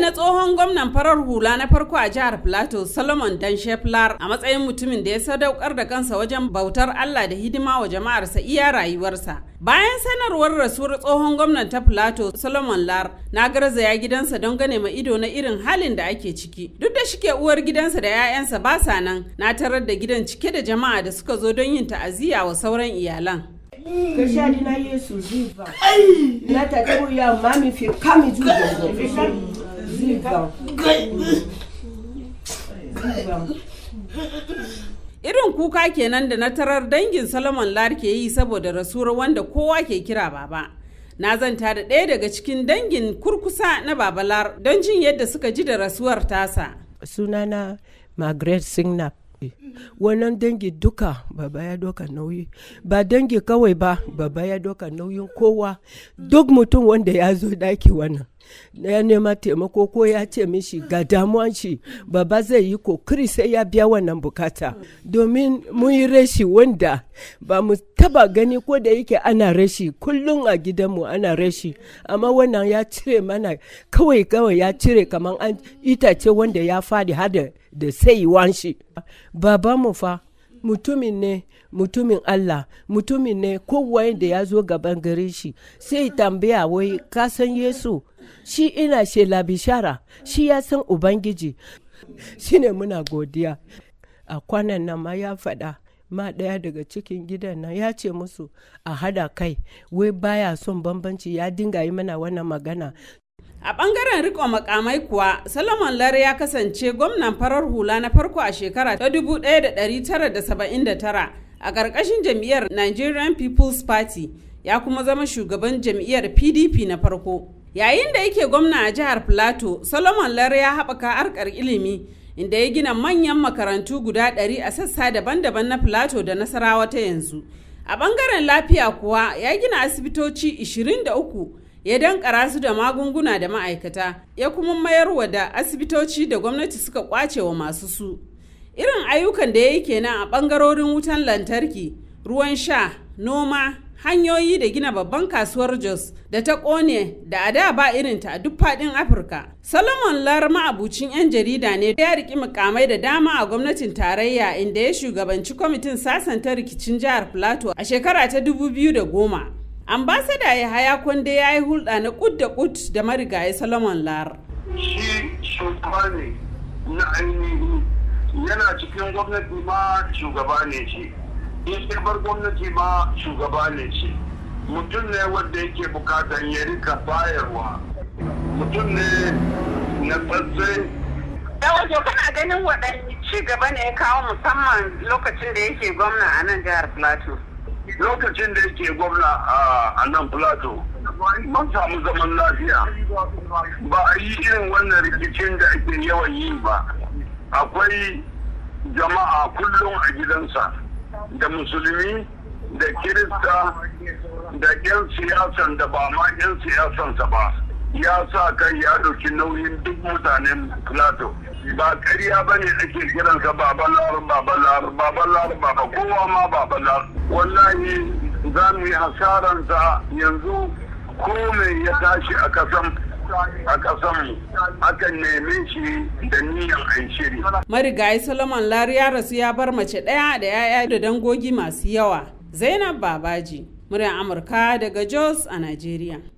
na tsohon gwamnan farar hula na farko a jihar Plateau Solomon Dan Sheflar a matsayin mutumin da ya sadaukar da kansa wajen bautar Allah da hidima wa jama'arsa iya rayuwarsa. Bayan sanarwar rasuwar tsohon gwamnan ta Plateau Solomon Lar na garzaya gidansa don gane ma ido na irin halin da ake ciki. Duk da shike uwar gidansa da 'ya'yansa ba sa nan na tarar da gidan cike da jama'a da suka zo don yin ta'aziyya wa sauran iyalan. na Yesu zuba. Na ya mami fi kami zuwa. Irin kuka kenan da na tarar dangin Solomon Lar ke yi saboda rasuwar wanda kowa ke kira baba. Na zanta da ɗaya daga cikin dangin kurkusa na babalar don jin yadda suka ji da rasuwar tasa. Sunana Margaret Signap Eh, wannan dangi duka baba ya doka nauyi ba dangi kawai ba baba ya doka nauyin kowa duk mutum wanda ya zo daki wannan ya nema taimako ko ya ce mishi ga damuwan shi baba zai yi kokiri sai ya biya wannan bukata domin mun yi rashi wanda ba mu taba gani ko da yake ana rashi kullum a gidanmu ana rashi amma wannan ya cire mana kawai kawai ya cire kamar an itace wanda ya fadi hada da saiwan shi baba mu fa mutumin ne mutumin Allah mutumin ne kowa da ya zo gaban gare shi sai tambaya wai kasan Yesu shi ina shela bishara shi ya san Ubangiji shi ne muna godiya a kwanan nan ma ya faɗa ma ɗaya daga cikin gidan nan ya ce musu a hada kai wai baya son bambanci ya dinga yi mana wannan magana A ɓangaren riko makamai kuwa, Solomon Lare ya kasance gwamnan farar hula na farko a shekara ta 1979 a ƙarƙashin jam'iyyar Nigerian People's Party ya kuma zama shugaban jam'iyyar PDP na farko. Yayin da yake gwamna a jihar Plateau, Solomon Lare ya haɓaka harkar ilimi inda ya gina manyan makarantu guda ɗari a sassa daban-daban na Plateau da Nasarawa ta yanzu. A bangaren lafiya kuwa ya gina asibitoci 23 ya dankara su da magunguna da ma'aikata ya kuma mayar wa da asibitoci da gwamnati suka kwace wa masu su irin ayyukan da ya yi kenan a ɓangarorin wutan lantarki ruwan sha noma hanyoyi da gina babban kasuwar jos da ta kone da a da ba irin ta a duk faɗin afirka Salomon larma abucin 'yan jarida ne ya riki mukamai da dama a gwamnatin tarayya inda ya shugabanci kwamitin sasanta rikicin jihar plateau a shekara ta 2010 da ya haya kwande ya yi hulɗa na kud da kud da marigayi solomon lar shi shugaba ne na ainihi yana cikin gwamnati ma shugaba ne shi in bar gwamnati ma shugaba ne shi mutum ne wanda yake bukatar ya rika bayarwa mutum ne na tsatsai eh, wato kana ganin waɗanne ci gaba ne ya kawo musamman lokacin da yake gwamna a nan jihar plateau lokacin da yake gwamna a nan plato mun samu zaman lafiya ba a yi irin wannan rikicin da ake yawan yi ba akwai jama'a kullum a gidansa da musulmi da kirista da 'yan siyasan da ba ma 'yan siyasansa ba ya sa kai ya ɗauki nauyin duk mutanen plato ba ƙarya ba ne ake kiransa baban lar baban lar baban lar baba kowa ma baban lar wallahi za mu yi hasaransa yanzu kome ya tashi a kasan a kasan akan neme shi da niyan an shiri. Marigayi Solomon Lari ya rasu ya bar mace ɗaya da 'ya'ya da dangogi masu yawa. Zainab Babaji, murya Amurka daga Jos a nigeria.